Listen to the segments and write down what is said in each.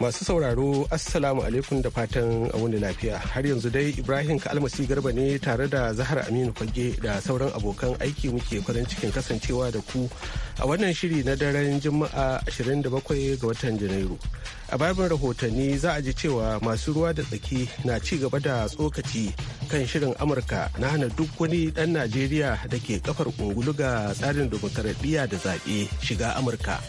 Masu sauraro Assalamu alaikum da fatan wani lafiya. Har yanzu dai Ibrahim Kalmasi Garba ne tare da Zahar Aminu kwage da sauran abokan aiki muke farin cikin kasancewa da ku a wannan shiri na daren Juma'a 27 ga watan Janairu. A babin rahotanni za a ji cewa masu ruwa da tsaki na ci gaba da tsokaci kan shirin Amurka na hana duk wani ɗan Najeriya da ke kafar ungulu ga tsarin dimokuraɗiyya da zaɓe shiga Amurka.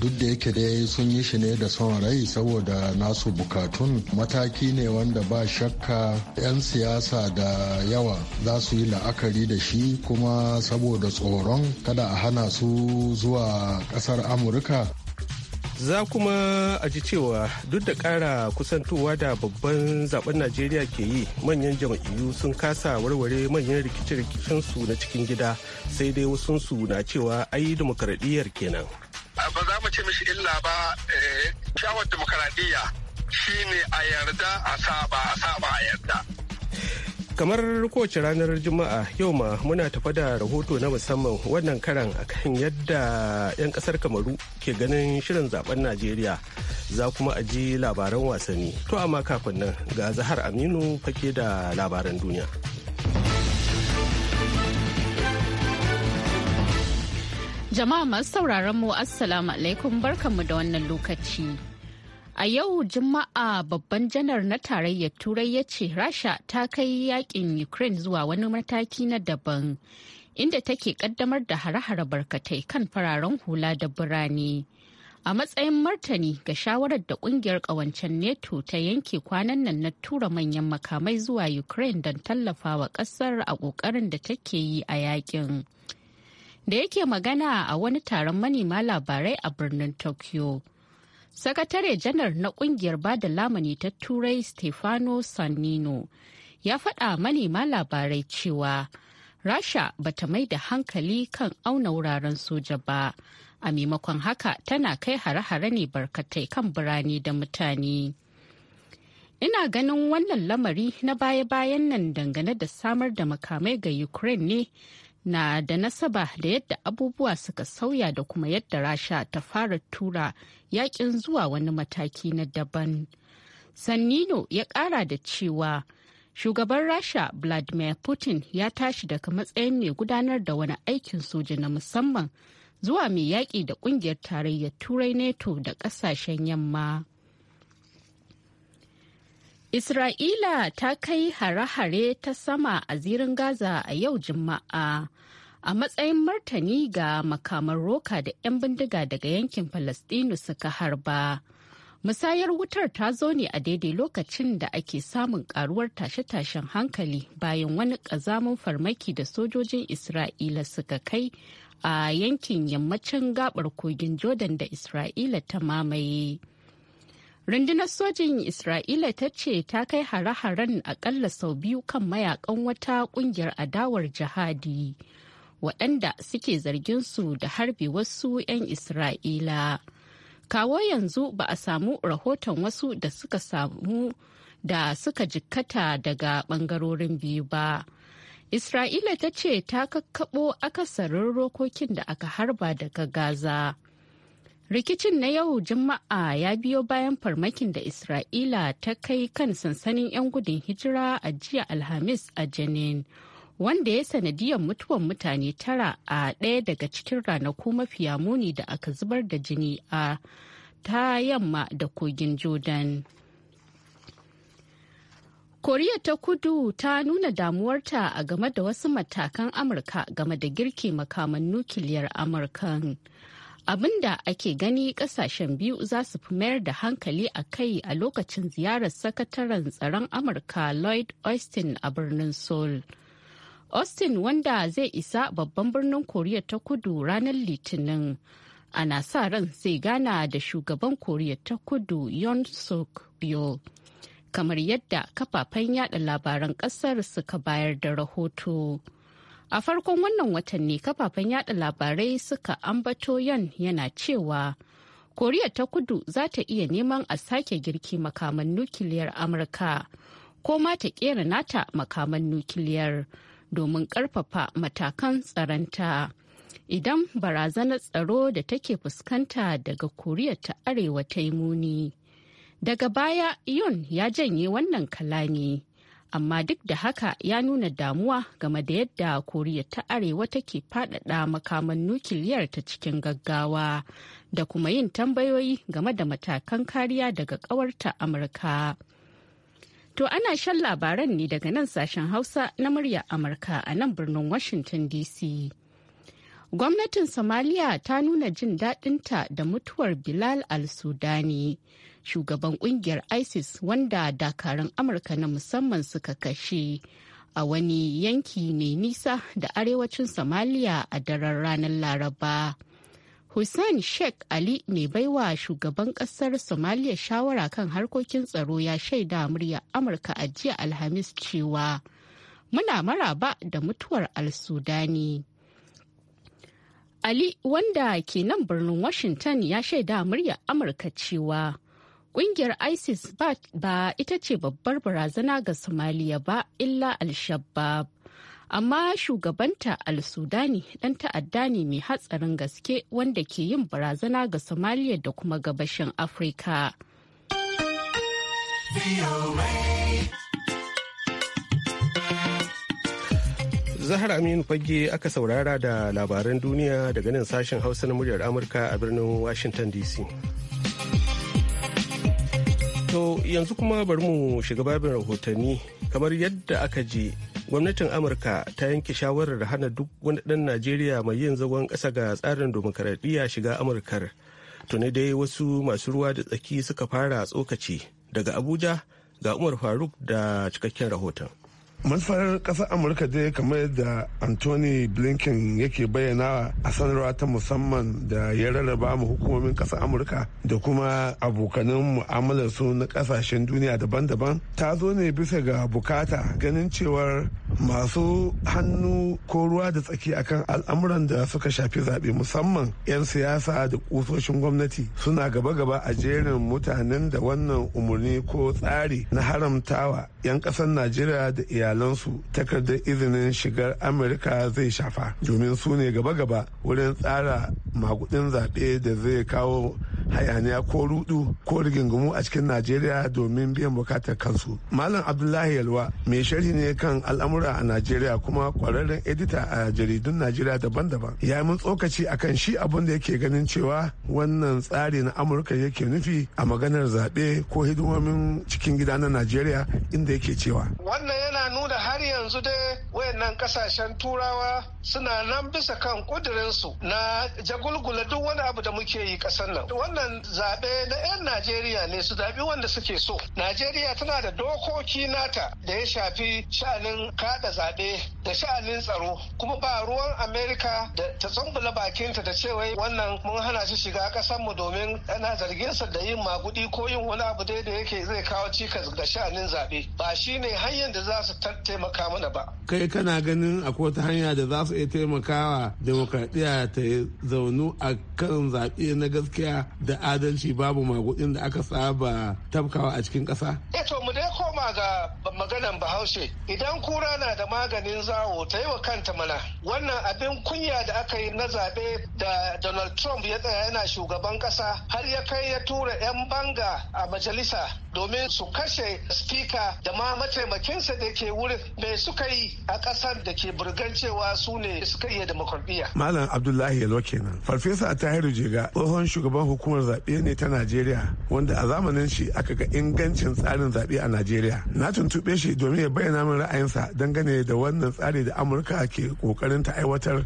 duk da yake dai sun yi shi ne da son rai saboda nasu bukatun mataki ne wanda ba shakka 'yan siyasa da yawa za su yi la'akari da shi kuma saboda tsoron kada a hana su zuwa kasar amurka za kuma a ji cewa duk da kara kusantowa da babban zaben najeriya ke yi manyan jam'iyyu sun kasa warware manyan rikice-rikicensu na cikin gida sai dai wasunsu na cewa ai dimokuraɗiyyar kenan ba za mu ce mishi illa ba kyawar eh, demokaradiyya shine a yarda a saba a saba a yarda kamar kowace ranar juma'a yau ma muna tafa da rahoto na musamman wannan karan akan yadda 'yan kasar kamaru ke ganin shirin zaben najeriya za kuma a ji labaran wasanni to amma kafin nan ga zahar aminu fake da labaran duniya Jama'a masu sauraron mu Assalamu alaikum barkanmu da wannan lokaci. A yau Juma'a babban janar na tarayyar Turai ya ce Rasha ta kai yakin Ukraine zuwa wani mataki na daban inda take kaddamar da hare-hare barkatai kan fararen hula da birane. A matsayin martani ga shawarar da kungiyar kawancen NATO ta yanke kwanan nan na tura manyan makamai zuwa Ukraine don tallafawa kasar a kokarin da take yi a yakin. da yake magana a wani taron manema labarai a birnin tokyo sakatare janar na kungiyar bada lamani ta turai stefano sannino ya faɗa manema labarai cewa rasha bata mai da hankali kan auna wuraren soja ba a maimakon haka tana kai hare-hare ne barkatai kan birane da mutane ina ganin wannan lamari na baya-bayan nan dangane da samar da makamai ga ukraine ne na da nasaba da yadda abubuwa suka sauya da kuma yadda rasha ta fara tura yakin zuwa wani mataki na daban sannino ya kara da cewa shugaban rasha vladimir putin ya tashi daga matsayin mai gudanar da wani aikin soja na musamman zuwa mai yaƙi da ƙungiyar tarayyar turai neto da ƙasashen yamma Isra'ila ta kai hare-hare ta sama a zirin Gaza a yau Juma'a. A matsayin martani ga makaman roka da 'yan bindiga daga yankin Falastinu suka harba. Musayar wutar ta zo ne a daidai lokacin da ake samun karuwar tashe-tashen hankali bayan wani ƙazamin farmaki da sojojin Isra'ila suka kai a yankin yammacin gabar kogin Jordan da Isra'ila ta mamaye. rundunar sojin isra'ila ta ce ta kai hare-haren akalla sau biyu kan mayakan wata kungiyar adawar jihadi waɗanda suke zargin su da harbi wasu 'yan isra'ila kawo yanzu ba a samu rahoton wasu da suka samu da suka jikkata daga ɓangarorin biyu ba isra'ila ta ce ta kakkaɓo akasarin rokokin da aka harba daga gaza Rikicin na yau Juma'a ya biyo bayan farmakin da Isra'ila ta kai kan sansanin 'yan gudun hijira a jiya Alhamis a Janin, wanda ya sanadiyar mutuwan mutane tara a ɗaya daga cikin ranaku mafiya muni da aka zubar da jini a ta yamma da kogin Jordan. Koriya ta kudu ta nuna damuwarta a game da wasu matakan Amurka game da girki makaman nukiliyar Amurkan. Amurka. abinda ake gani kasashen biyu za su fi mayar da hankali a kai a lokacin ziyarar sakataren tsaron amurka lloyd austin a birnin seoul austin wanda zai isa babban birnin koriya ta kudu ranar litinin ana sa ran sai gana da shugaban koriya ta kudu yon suk kamar yadda kafafen yada labaran kasar suka bayar da rahoto. a farkon wannan watan ne kafafen yada labarai suka ambato yan yana cewa koriya ta kudu za ta iya neman a sake girki makaman nukiliyar amurka ko ma ta kera nata makaman nukiliyar domin karfafa matakan tsaronta idan barazanar tsaro da take fuskanta daga koriya ta arewa ta yi muni daga baya yun ya janye wannan kalami amma duk da haka ya nuna damuwa game da yadda koriya ta arewa take faɗaɗa makaman nukiliyar ta cikin gaggawa da kuma yin tambayoyi game da matakan kariya daga ƙawarta amurka to ana shan labaran ne daga nan sashen hausa na murya amurka a nan birnin washington dc Gwamnatin Somalia ta nuna jin daɗinta da mutuwar Bilal al-Sudani, shugaban ƙungiyar ISIS wanda dakarun Amurka na musamman suka kashe a wani yanki mai nisa da arewacin Somalia a daren ranar Laraba. Hussein Sheikh Ali mai baiwa shugaban ƙasar Somalia shawara kan harkokin tsaro ya shaida murya Amurka a jiya Alhamis cewa muna maraba da mutuwar al-Sudani. Ali wanda ke nan birnin Washington ya shaida murya Amurka cewa kungiyar ISIS ba, ita ce babbar barazana ga Somalia ba illa al-Shabaab. Amma shugabanta al-Sudani ɗan ta'adda ne mai hatsarin gaske wanda ke yin barazana ga Somalia da kuma gabashin Afirka. Zahar Aminu Fage aka saurara da labaran duniya daga nan sashen Hausa na muryar Amurka a birnin Washington DC. To yanzu kuma bari mu shiga babin rahotanni kamar yadda aka je gwamnatin amurka ta yanke shawarar hana duk wani ɗan najeriya mai yin zagon ƙasa ga tsarin dimokuraɗiyya shiga amurkar tuni dai wasu masu ruwa da tsaki suka fara tsokaci daga abuja ga umar faruk da cikakken rahoton manufar ƙasar amurka dai kamar da anthony blinken yake bayyana a sanarwa ta musamman da ya rarraba mu hukumomin ƙasar amurka da kuma abokanin mu'amalar su na kasashen duniya daban-daban ta zo ne bisa ga bukata ganin cewar masu hannu ko ruwa da tsaki akan al'amuran da suka shafi zaɓe musamman 'yan siyasa da kusoshin gwamnati suna gaba-gaba a jerin mutanen da wannan umarni ko tsari na haramtawa 'yan ƙasar najeriya da iyalai iyalansu takardar izinin shigar amurka zai shafa domin su ne gaba-gaba wurin tsara makudin zaɓe da zai kawo hayaniya ko rudu ko rigingimu a cikin najeriya domin biyan bukatar kansu malam abdullahi yalwa mai sharhi ne kan al'amura a najeriya kuma kwararren edita a jaridun najeriya daban-daban ya yi mun tsokaci akan shi abin da yake ganin cewa wannan tsari na amurka yake nufi a maganar zaɓe ko hidimomin cikin gida na najeriya inda yake cewa wannan yana nuna har yanzu dai wayannan kasashen turawa suna nan bisa kan kudirinsu na jagulgula duk wani abu da muke yi ƙasar nan wannan zaɓe na 'yan Najeriya ne su zaɓi wanda suke so. Najeriya tana da dokoki nata da ya shafi sha'anin kada zaɓe da sha'anin tsaro kuma ba ruwan Amerika da ta tsumbula bakinta da cewa wannan mun hana shi shiga ƙasarmu domin ana zarginsa da yin magudi ko yin wani abu dai da yake zai kawo cikas ga sha'anin zaɓe ba shi ne hanyar da za su taimaka mana ba. Kai kana ganin akwai wata hanya da za su iya taimakawa demokradiyya ta zaunu a kan zaɓe na gaskiya da adalci babu magudin da aka saba tabkawa a cikin kasa. Eto eh, mu dai koma ga maganan bahaushe idan kura na da maganin zawo ta yi wa kanta mana wannan abin kunya da aka yi na zaɓe da donald trump ya tsaya yana shugaban kasa har ya kai ya tura 'yan banga a majalisa domin su kashe spika da ma mataimakinsa da ke wurin me suka yi a kasar da ke burgan cewa su ne suka iya demokradiyya. malam abdullahi yalwa kenan farfesa a tahiru jega tsohon shugaban hukumar hukumar zaɓe ne ta najeriya wanda a zamanin shi aka ga ingancin tsarin zaɓe a najeriya na tuntuɓe shi domin ya bayyana min ra'ayinsa dangane da wannan tsari da amurka ke ƙoƙarin ta aiwatar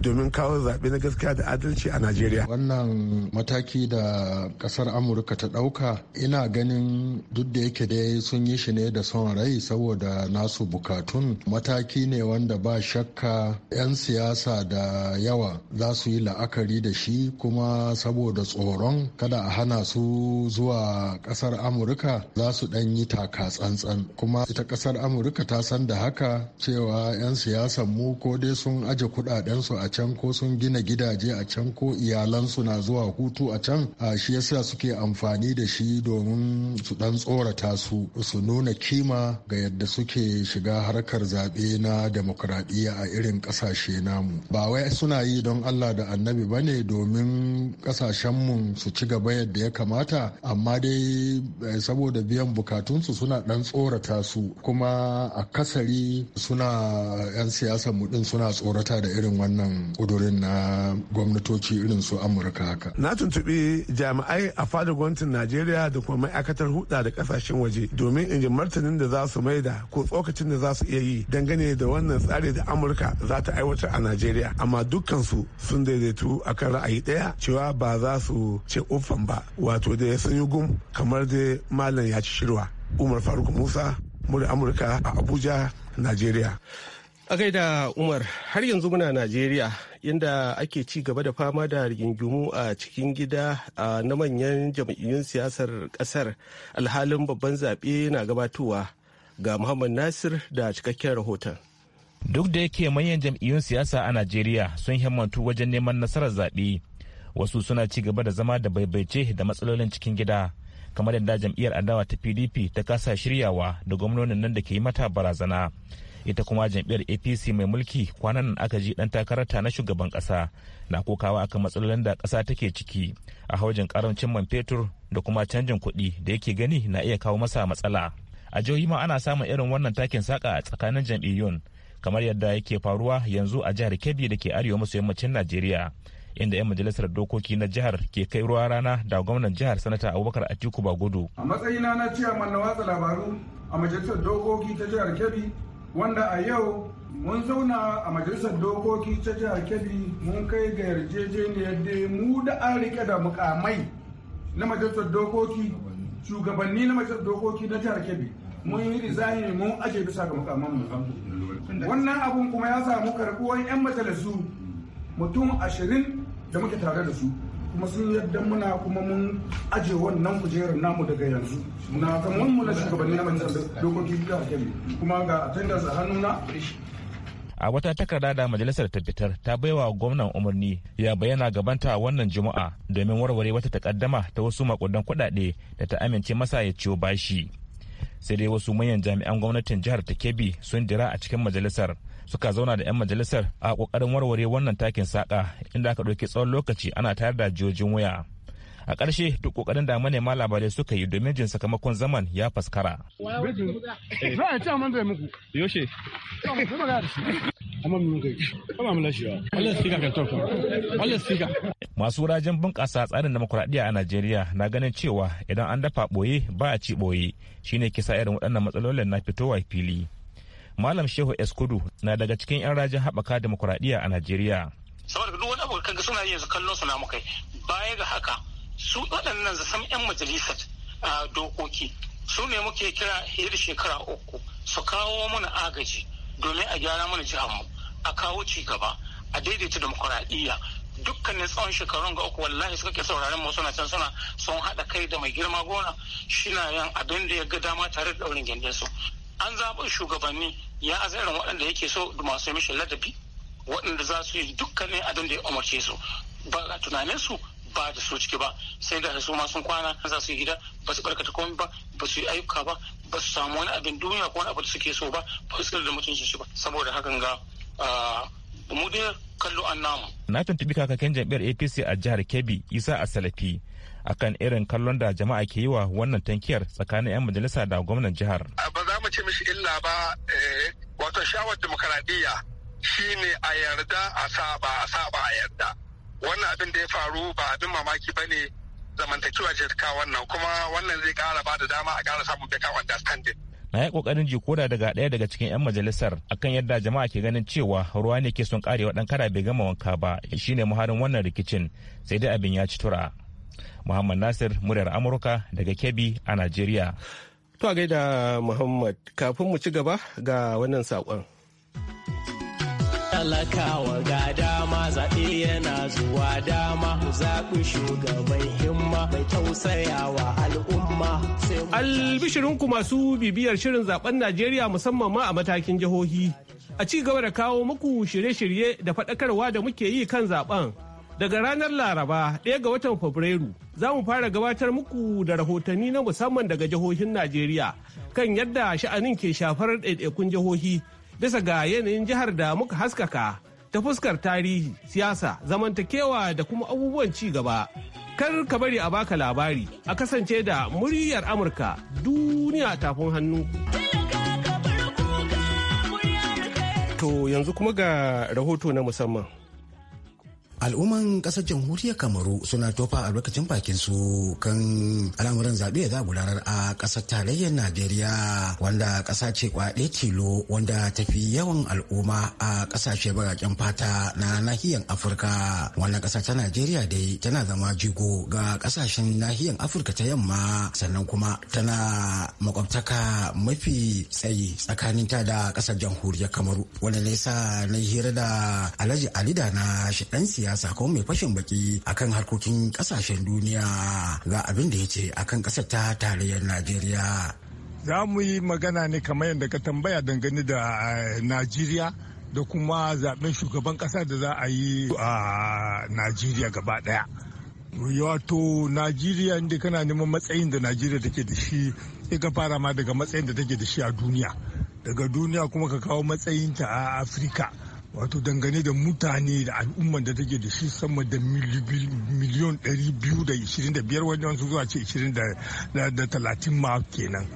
domin kawo zaɓe na gaskiya da adalci a najeriya wannan mataki da ƙasar amurka ta ɗauka ina ganin duk da yake dai sun yi shi ne da son rai saboda nasu bukatun mataki ne wanda ba shakka 'yan siyasa da yawa za su yi la'akari da shi kuma saboda tsoron kada a hana su zuwa ƙasar amurka za su ɗan yi taka tsantsan kuma ita ƙasar amurka ta san da haka cewa 'yan siyasan mu ko dai sun aje kuɗaɗensu a can ko sun gina gidaje a can ko iyalansu na zuwa hutu a can a shi yasa suke amfani da shi domin su dan tsorata su su nuna kima ga yadda suke shiga harkar zaɓe na demokuraɗiyya a irin ƙasashe namu ba wai suna yi don allah da annabi ba ne domin ƙasashenmu su ci gaba yadda ya kamata amma dai eh, saboda biyan bukatunsu suna dan tsorata su kuma a kasari suna eh, 'yan siyasa mu din suna tsorata da irin wannan kudurin na gwamnatoci irin su amurka haka na tuntubi jami'ai a fadar gwamnatin najeriya da kuma ma'aikatar huɗa da kasashen waje domin in ji martanin da za su maida ko tsokacin da za su iya yi dangane da wannan tsari da amurka za ta aiwatar a najeriya amma dukkansu sun daidaitu a kan ra'ayi ɗaya cewa ba za su ce uffan ba wato da ya sanyi gum kamar da malam ya ci shirwa umar faruk musa muri amurka a abuja najeriya A gaida Umar, har yanzu muna Najeriya inda ake ci gaba da fama da rigingimu a cikin gida na manyan jam'iyyun siyasar kasar alhalin babban zaɓe na gabatowa ga Muhammad Nasir da cikakken rahoton. Duk da yake manyan jam'iyyun siyasa a Najeriya sun himmatu wajen neman nasarar zaɓe, wasu suna ci gaba da zama da baibaice da matsalolin cikin gida. kamar yadda jam'iyyar adawa ta pdp ta kasa shiryawa da gwamnonin nan da ke yi mata barazana ita kuma jam'iyyar apc mai mulki kwanan nan aka ji dan takarata na shugaban kasa na kokawa akan matsalolin da kasa take ciki a haujin karancin man fetur da kuma canjin kuɗi da yake gani na iya kawo masa matsala a jihohi ma ana samun irin wannan takin saka a tsakanin jam'iyyun kamar yadda yake faruwa yanzu a jihar kebbi da ke arewa maso yammacin najeriya inda 'yan majalisar dokoki na jihar ke kai ruwa rana da gwamnan jihar sanata abubakar atiku bagudu a matsayina na ciyaman na watsa labaru a majalisar dokoki ta jihar kebbi wanda a yau mun zauna a majalisar dokoki ta jihar kebbi mun kai ga yarjejeniyar da mu da an rike da mukamai na majalisar dokoki shugabanni na majalisar dokoki na jihar kebbi mun yi rizani mun ake bisa ga mukamman mu wannan abun kuma ya samu karbuwan yan majalisu mutum ashirin da muke tare da su kuma sun yadda muna kuma mun aje wannan kujerar namu daga yanzu na ta mu na shugabanni na majalisar dokoki da kuma ga attendance a hannuna a wata takarda da majalisar ta fitar ta baiwa gwamnan umarni ya bayyana gabanta wannan juma'a domin warware wata takaddama ta wasu makudan kudade da ta amince masa ya ciwo bashi sai dai wasu manyan jami'an gwamnatin jihar ta kebbi sun dira a cikin majalisar suka zauna da 'yan majalisar a kokarin warware wannan takin saka inda aka ɗauki tsawon lokaci ana tayar da jiyojin waya a ƙarshe duk ƙoƙarin da manema labarai suka yi domin jin sakamakon zaman ya faskara. Masu rajin bunƙasa tsarin demokuraɗiyya a Najeriya na ganin cewa idan an dafa ɓoye ba a ci ɓoye shine kisa irin waɗannan matsalolin na fitowa fili. Malam Shehu Eskudu na daga cikin 'yan rajin haɓaka demokuraɗiyya a Najeriya. Saboda duk wani abokan ga suna yanzu kallon su na kai baya ga haka su waɗannan zasam 'yan majalisar dokoki su ne muke kira hiyar shekara uku su kawo mana agaji domin a gyara mana jihanmu a kawo ci gaba a daidaita demokuraɗiyya dukkanin tsawon shekarun ga uku wallahi suka ke sauraron mu suna can suna sun haɗa kai da mai girma gona na yan abin da ya ga dama tare da ɗaurin gindin su an zaɓi shugabanni ya azirin waɗanda yake so masu mishi ladabi waɗanda za su yi dukkanin abin da ya umarce su ba tunanin su ba da su ciki ba sai ga su ma sun kwana za su yi gida ba su barkata komai ba ba su yi ayyuka ba ba su samu wani abin duniya ko wani abu da suke so ba ba su da mutuncin shi ba saboda hakan ga mu dai kallo an namu. Na tuntubi kakakin jam'iyyar APC a jihar Kebbi Isa Asalafi akan irin kallon da jama'a ke yi wa wannan tankiyar tsakanin 'yan majalisa da gwamnan jihar. Ba za mu ce mishi illa ba shawar demokaradiyya shine a yarda a saba a saba a yarda wannan abin da ya faru ba abin mamaki ba ne zamantakewa ce ta wannan kuma wannan zai kara ba da dama a kara samun better understanding na yi kokarin jikoda daga ɗaya daga cikin 'yan majalisar akan yadda jama'a ke ganin cewa ruwa ne ke son karewa dan kara bai gama wanka ba shine muharin wannan rikicin sai dai abin ya ci tura muhammad nasir muryar amurka daga kebbi a najeriya To a gaida Muhammad kafin mu ci gaba ga wannan saƙon. Talakawa ga dama zaɓe yana zuwa dama ku zaɓi shugaban himma mai tausayawa al'umma. Albishirinku masu bibiyar shirin zaɓen Najeriya musamman ma a matakin jihohi. A ci gaba da kawo muku shirye-shirye da faɗakarwa da muke yi kan zaɓen daga ranar Laraba ɗaya ga watan Fabrairu. za mu fara gabatar muku da rahotanni na musamman daga jihohin Najeriya kan yadda sha'anin ke shafar ɗaiɗaikun jihohi bisa ga yanayin jihar da muka haskaka ta fuskar tarihi, siyasa, zamantakewa da kuma abubuwan ci gaba. Kar ka bari a baka labari a kasance da muryar Amurka duniya tafin hannu. To yanzu kuma ga rahoto na musamman. al'umman kasar jamhuriyar kamaru suna tofa albarkacin bakin su kan al'amuran zaɓe da gudanar a ƙasar tarayyar najeriya wanda ƙasa ce kwaɗe tilo wanda tafi yawan al'umma a ƙasashe baraƙen fata na nahiyar afirka wannan ƙasa ta najeriya dai tana zama jigo ga ƙasashen nahiyar afirka ta yamma sannan kuma tana makwabtaka mafi tsayi tsakanin ta da ƙasar jamhuriyar kamaru wanda nesa na hira da alhaji alida na shi ɗan siyasa ko mai fashin baki akan harkokin kasashen duniya ga abin da ya ce akan kasar ta tarayyar najeriya za mu yi magana ne kamar yadda ka tambaya dangane da eh, najeriya da kuma zaben shugaban kasa da za a yi a najeriya gaba daya wato najeriya inda kana neman matsayin da najeriya take da shi ka fara ma daga matsayin da take da shi a duniya daga duniya kuma ka kawo matsayinta a afirka wato dangane da mutane da al'ummar da take da shi sama da miliyan 225 wajen su zuwa ce 20 da 30 ma kenan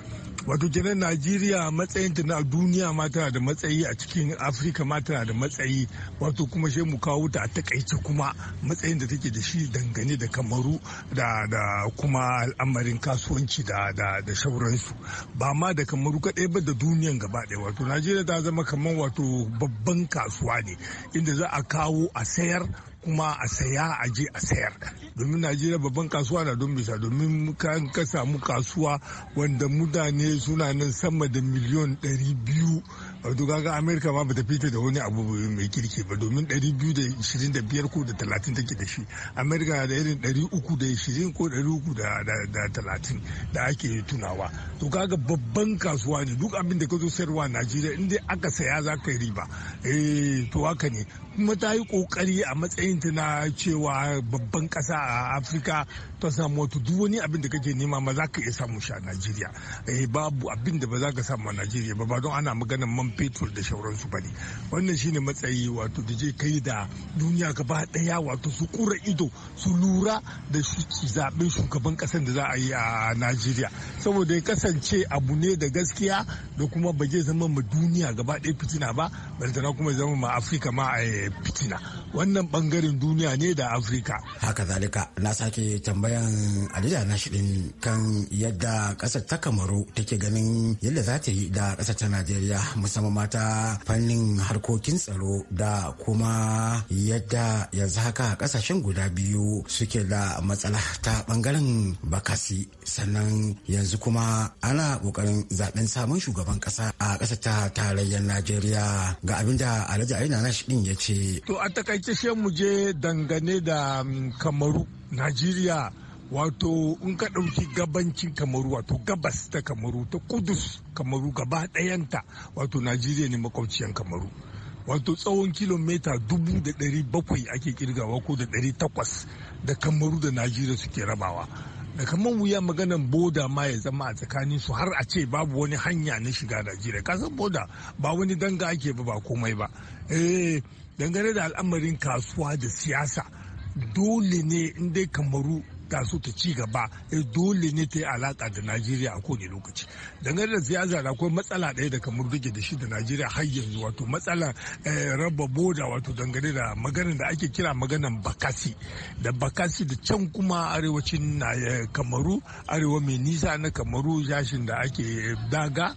wato kenan najeriya matsayin ta na duniya ma tana da matsayi a cikin afirka ma tana da matsayi wato kuma sai mu kawo ta a takaice kuma matsayin da take da shi dangane da kamaru da da kuma al'amarin kasuwanci da da da shauransu ba ma da kamaru kadai ba da duniyan gaba ɗaya wato najeriya ta zama kamar wato babban kasuwa ne inda za a kawo a sayar kuma a saya a je a sayar domin najeriya babban kasuwa na don bisa domin kan ka samu kasuwa wanda mutane suna nan sama da miliyon 200 wato gaga amerika ma bata fita da wani abu mai kirki ba domin 225 ko da 30 take da shi amerika da irin 320 ko 330 da ake tunawa to kaga babban kasuwa ne duk abin da ka zo sayarwa najeriya inda aka saya za ka yi riba eh to haka ne kuma ta yi kokari a matsayin ta na cewa babban kasa a afirka ta samu wato duk wani abin da kake nema ma za ka iya samu shi a najeriya eh, babu abin da ba za ka samu a najeriya ba ba don ana maganar man fetur da shauransu ba ne wannan shine matsayi wato da zai kai da duniya gaba daya wato su kura ido su lura da zaɓen shugaban ƙasar da za a yi a najeriya saboda kasance abu ne da gaskiya da kuma ba zai zama ma duniya gaba daya fitina ba balantana kuma zama ma afirka ma a eh, fitina wannan bangaren duniya ne da afirka haka zalika na sake tambayan alida na shirin kan yadda kasar ta kamaru take ganin yadda za ta yi da kasar ta najeriya musamman mata fannin harkokin tsaro da kuma yadda yanzu haka kasashen guda biyu suke da matsala ta bangaren bakasi sannan yanzu kuma ana kokarin zaben sabon shugaban kasa a kasar ta tarayyar najeriya ga abinda alhaji aina na ya ce takaice mu je dangane da mm, kamaru najeriya wato in ka ɗauki gabancin kamaru wato gabas ta kamaru ta kudus kamaru gaba ɗayanta wato najeriya ne makwabciyan kamaru wato tsawon kilomita dubu da ɗari bakwai ake kirgawa ko da ɗari takwas da kamaru da najeriya suke rabawa da kamar wuya maganan boda ma ya zama a tsakanin su har a ce babu wani hanya na shiga najeriya kasan boda ba wani danga ake ba ba komai ba eh dangane da al'amarin kasuwa da siyasa dole ne in dai kamaru ta su ta ci gaba eh, dole ne ta yi alaka da najeriya a kowane lokaci dangane da siyasa da akwai matsala ɗaya da kamar rage da shi da najeriya har yanzu wato matsala eh, raba boda wato dangane da maganar da ake kira maganar bakasi da bakasi da can kuma arewacin na eh, kamaru arewa mai nisa na kamaru yashin da ake daga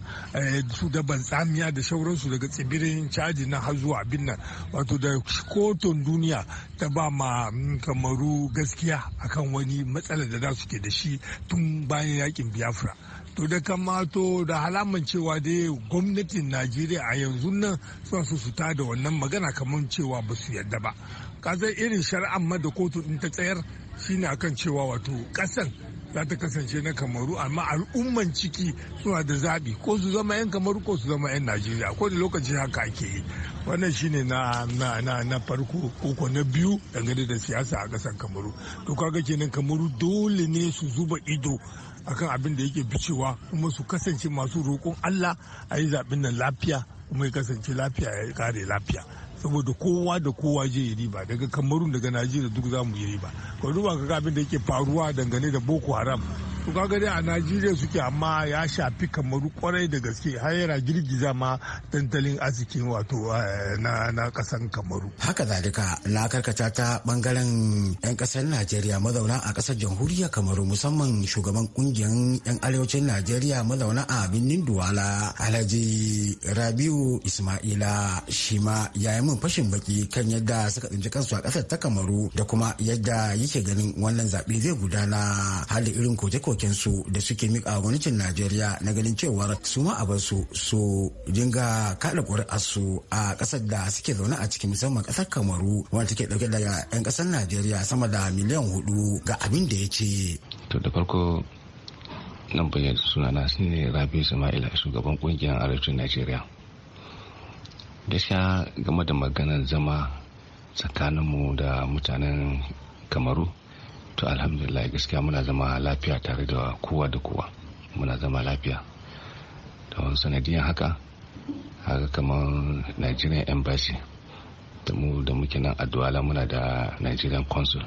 su da ban tsamiya da sauransu daga tsibirin caji na har zuwa abin nan wato da kotun duniya ta ba ma mm, kamaru gaskiya akan wani matsalar da za su ke da shi tun bayan yakin biafra to da kamato da halaman cewa dai gwamnatin najeriya a yanzu nan suna su suta da wannan magana kamar cewa ba su yadda ba kazan irin shari'an ma da kotu ɗin ta tsayar shine akan cewa wato ƙasan. za ta kasance na kamaru amma al'umman ciki suna da zaɓi ko su zama 'yan kamaru ko su zama 'yan najeriya ko da lokaci haka ake yi wannan shine na na na na farko ko na biyu dangane da siyasa a ƙasar kamaru to kaga kenan kamaru dole ne su zuba ido akan abin da yake bicewa kuma su kasance masu roƙon allah a yi zaɓen nan lafiya kuma ya kasance lafiya ya kare lafiya saboda kowa da kowa je ya riba daga kamarun daga najeriya duk za mu yi riba ka duba ka abin da yake faruwa dangane da boko haram to kaga a najeriya suke amma ya shafi kamaru kwarai da gaske har yana girgiza ma dantalin arzikin wato eh, na kasan kamaru haka zalika na karkata ta bangaren yan kasar najeriya mazauna a kasar jamhuriyar kamaru musamman shugaban kungiyar yan arewacin najeriya mazauna a birnin duwala alhaji rabiu ismaila Shima ma ya yi min fashin baki kan yadda suka tsinci kansu a kasar ta kamaru da kuma yadda yake ganin wannan zaɓe zai gudana hali irin koje koke da suke mika gwamnatin najeriya na ganin cewar su ma a su su dinga kada ƙuri'arsu a ƙasar da suke zaune a cikin musamman ƙasar kamaru wanda take ɗauke daga 'yan ƙasar najeriya sama da miliyan hudu ga abin da ya ce to da farko nan bayyana sun ne rabi ismaila shugaban kungiyar arewacin najeriya gaskiya game da maganar zama tsakaninmu da mutanen kamaru to alhamdulillah gaskiya muna zama lafiya tare da kowa da kowa muna zama lafiya da wani sanadiyan haka haka kamar nigerian embassy da mu da muke nan a duwala muna da nigerian consul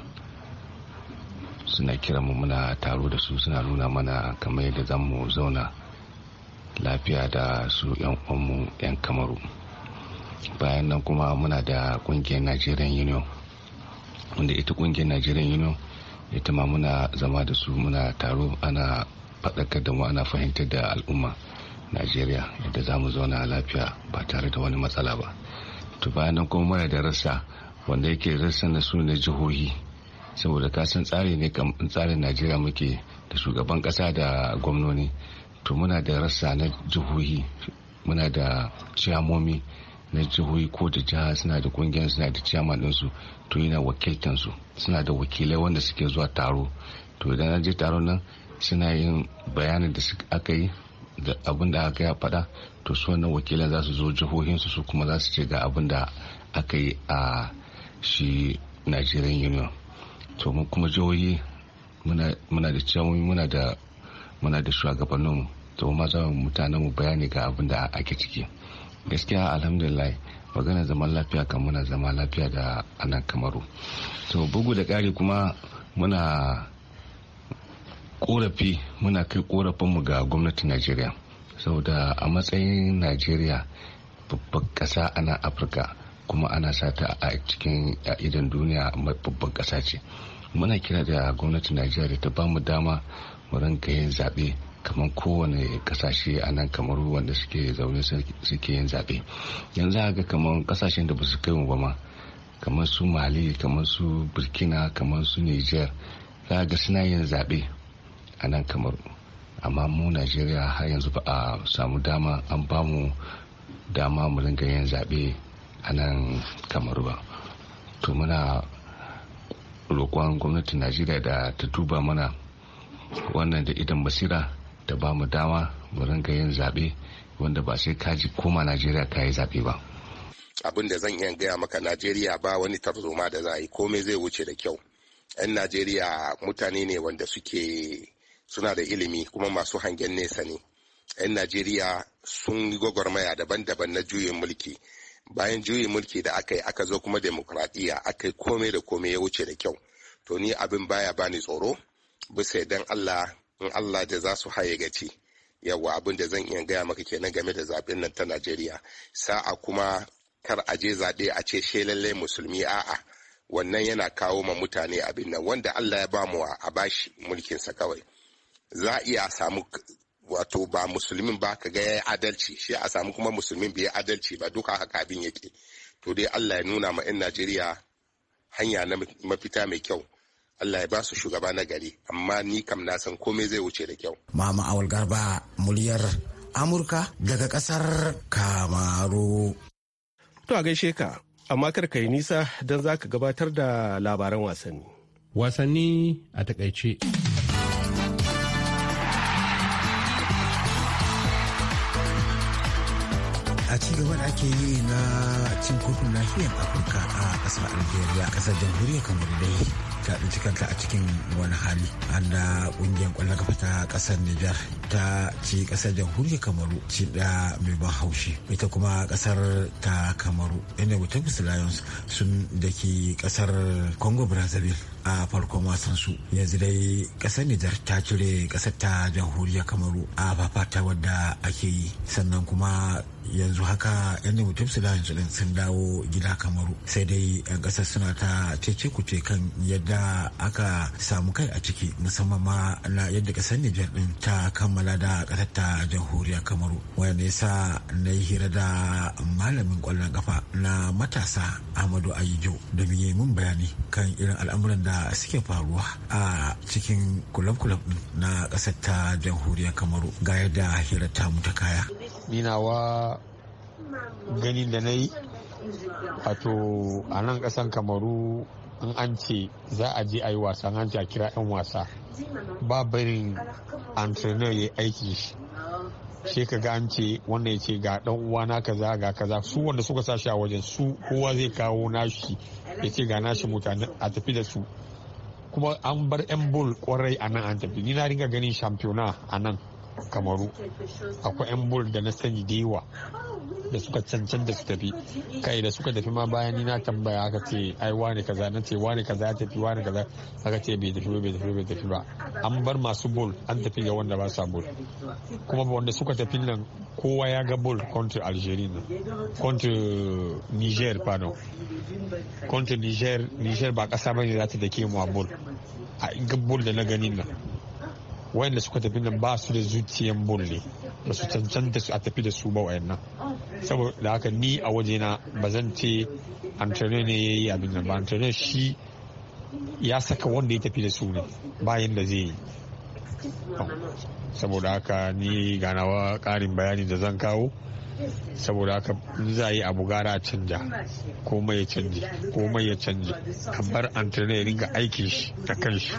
suna kira mu muna taro da su suna nuna mana kamar yadda za mu zauna lafiya da su 'yan uwanmu 'yan kamaru bayan nan kuma muna da kungiyar nigerian union wanda ita kungiyar nigerian union ita ma muna zama da su muna taro ana faɗakar da mu ana fahimtar da al'umma najeriya yadda za mu zauna lafiya ba tare da wani matsala ba to bayan nan kuma muna da rassa wanda yake rassa na su na jihohi saboda kasan tsari ne tsarin najeriya muke da shugaban kasa da gwamnoni to muna da rassa na jihohi muna da ciyamomi na jihohi ko da jiha suna da kungiyar suna da ciyama ɗinsu to yana wakiltan su suna da wakilai wanda suke zuwa taro to idan an je taron nan suna yin bayanin da aka yi da abin da aka ya faɗa to su wannan wakilan za su zo jihohin su kuma za su ce ga abin da aka yi a shi nigerian union to mun kuma jihohi muna da ciyamomi muna da muna da shugabanninmu to ma za mu bayani ga abin da ake ciki gaskiya alhamdulillah magana zaman lafiya kan muna zama lafiya da anan kamaru to bugu da ƙari kuma muna korafi muna kai korafinmu ga gwamnatin najeriya saboda a matsayin najeriya babban ƙasa a afirka kuma ana sata a cikin idan duniya babban ƙasa ce muna kira da gwamnatin najeriya da ta mu dama mu rinka yin zaɓe kamar kowane kasashe a nan kamar wanda suke zaune suke yin zaɓe yanzu ga kamar kasashen da ba su kai ba ma kamar su mali kamar su burkina kamar su niger za ga suna yin zaɓe a nan kamar amma mu najeriya har yanzu ba a samu dama an ba mu dama mu ringa yin zaɓe a nan kamar ba to muna roƙon gwamnatin najeriya da ta duba mana wannan da idan basira ta ba mu dama mu ringa yin zaɓe wanda ba sai kaji koma najeriya ka yi zaɓe ba abin da zan iya gaya maka najeriya ba wani tarzoma da za a yi komai zai wuce da kyau 'yan najeriya mutane ne wanda suke suna da ilimi kuma masu hangen nesa ne 'yan najeriya sun yi gwagwarmaya daban-daban na juyin mulki bayan juyin mulki da aka yi aka zo kuma demokuraɗiyya aka yi komai da komai ya wuce da kyau to ni abin baya bani tsoro bisa idan allah in Allah da za su haye gaci yawa abin da zan iya gaya maka kenan game da zaben nan ta Najeriya sa'a kuma kar a je zaɓe a ce she lallai musulmi a'a wannan yana kawo ma mutane abin nan wanda Allah ya ba mu a bashi mulkin sa kawai za a iya samu wato ba musulmin ba ka ga yayi adalci shi a samu kuma musulmin bai adalci ba duka haka abin yake to dai Allah ya nuna ma 'yan Najeriya hanya na mafita mai kyau Allah ya ba su shugaba na gari amma ni kam na san komai zai wuce da kyau. Mama Awal Garba muryar Amurka daga kasar Kamaru. To a gaishe ka amma kar ka yi nisa don za ka gabatar da labaran wasanni. Wasanni a takaice. a ci gaba da ake yi na cin kofin nahiyar afirka a kasar algeria kasar jamhuriyar kamar dai ta ɗauki a cikin wani hali an da ƙungiyar ƙwallon kafa ta ƙasar Nijar ta ci ƙasar jamhuriyar Kamaru ci da mai ban haushi ita kuma ƙasar ta Kamaru inda Butafis Lions sun daki ƙasar Congo Brazzaville a farkon wasan su yanzu dai ƙasar Nijar ta cire ƙasar ta jamhuriyar Kamaru a fafata wadda ake yi sannan kuma yanzu haka yan mutum su da sun dawo gida kamaru sai dai yan kasar suna ta cece kuce kan yadda da aka samu kai a ciki musamman ma na yadda sani Nijar din ta kammala da kasar ta jamhuriyar Kamaru wani yasa na yi hira da malamin ƙwallon kafa na matasa Ahmadu Ayijo da yi mun bayani kan irin al'amuran da suke faruwa a cikin kulab-kulab na kasar ta jamhuriyar Kamaru ga yadda hira ta mu kaya. Ninawa ganin da na yi to a nan kasan Kamaru in an ce za a je a yi wasa an ce a kira 'yan wasa ba barin entrepreneur ya aiki shi shi ka ga an ce wannan ya ce ga dan uwana kaza ga kaza su wanda suka sa shi a wajen su kowa zai kawo nashi ya ce ga nashi mutane a tafi da su kuma an bar 'yan bol kwarai a nan an tafi ni na ringa ganin shampiyona a nan kamaru akwai 'yan bol da na sani da yawa da suka da su tafi kai da suka tafi ma bayan ni na tambaya aka ce ai wani kaza na ce wani kaza ya tafi wani kaza aka ce bai tafi ba bai tafi bai tafi ba an bar masu bol an tafi ga wanda ba sa bol kuma wanda suka tafi nan kowa ya ga bol contre algeria nan contre niger pardon contre niger niger ba kasa bane za ta dake mu a bol a bol da na ganin nan wayanda suka tafi nan ba su da zuciyan bulle ba su cancanta su a tafi da su ba wayannan saboda haka ni a waje na ba zan ce antonio ne ya yi abin nan ba antonio shi ya saka wanda ya tafi da su ne bayan da zai yi saboda haka ni ganawa karin bayani da zan kawo saboda haka za a yi abu gara canja mai ya canji mai ya canji a bar ya ringa aikin shi da shi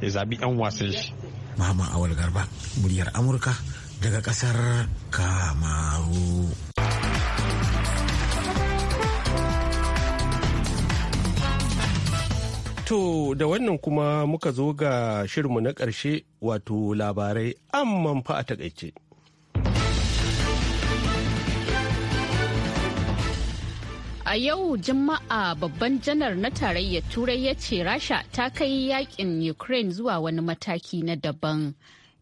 ya zabi yan wasan shi Mama Awal Garba, muryar Amurka daga kasar Kamaru. To da wannan kuma muka zo ga shirinmu na ƙarshe wato labarai amman fa a takaice. a yau Juma'a babban janar na tarayyar Turai ya ce Rasha ta kai yakin Ukraine zuwa wani mataki na daban.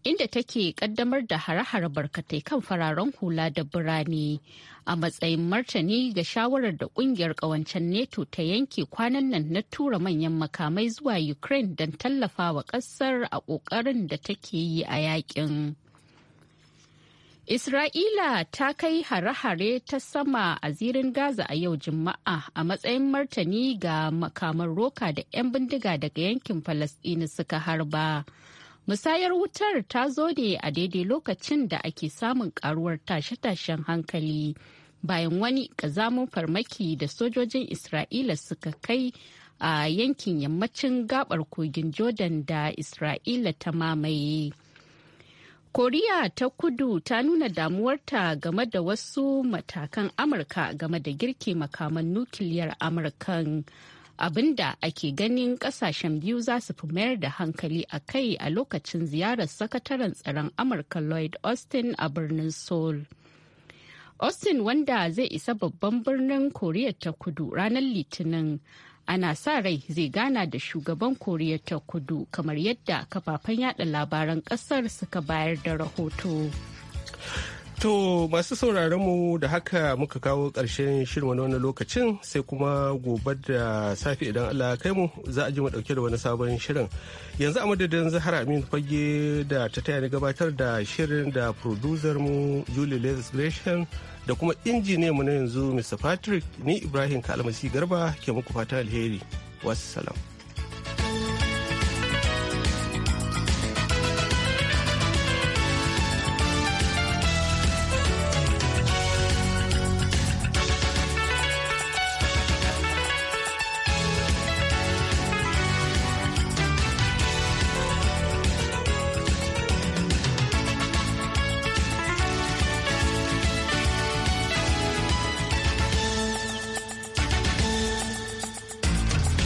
Inda take kaddamar da hare-hare barkatai kan fararen hula da birane a matsayin martani ga shawarar da kungiyar kawancen neto ta yanke kwanan nan na tura manyan makamai zuwa Ukraine don tallafa wa kasar a kokarin da take yi a yakin. Isra'ila ta kai hare-hare ta sama a zirin Gaza a yau Juma'a a matsayin martani ga makaman roka da 'yan bindiga daga yankin Falasɗini suka harba. Musayar wutar ta zo ne a daidai lokacin da ake samun karuwar tashe-tashen hankali bayan wani ƙazamin farmaki da sojojin Isra'ila suka kai a yankin yammacin gabar kogin Jordan da Isra'ila ta mamaye. koriya ta kudu ta nuna damuwarta game da wasu matakan amurka game da girke makaman nukiliyar amurkan abinda ake ganin kasashen biyu za su fi mayar da hankali a kai a lokacin ziyarar sakataren tsaron amurka lloyd austin a birnin seoul austin wanda zai isa babban birnin koriya ta kudu ranar litinin ana sa rai zai gana da shugaban koriya ta kudu kamar yadda kafafen yada labaran kasar suka bayar da rahoto To masu sauraron mu da haka muka kawo ƙarshen shirin wani lokacin sai kuma gobe da safe idan Allah kai mu za a ji mu dauke da wani sabon shirin. Yanzu a madadin Zahra Amin fage da ta taya ni gabatar da shirin da producer mu Julie Lewis da kuma injiniyan mu na yanzu Mr. Patrick ni Ibrahim Kalmasi Garba ke muku fata alheri. Wassalam.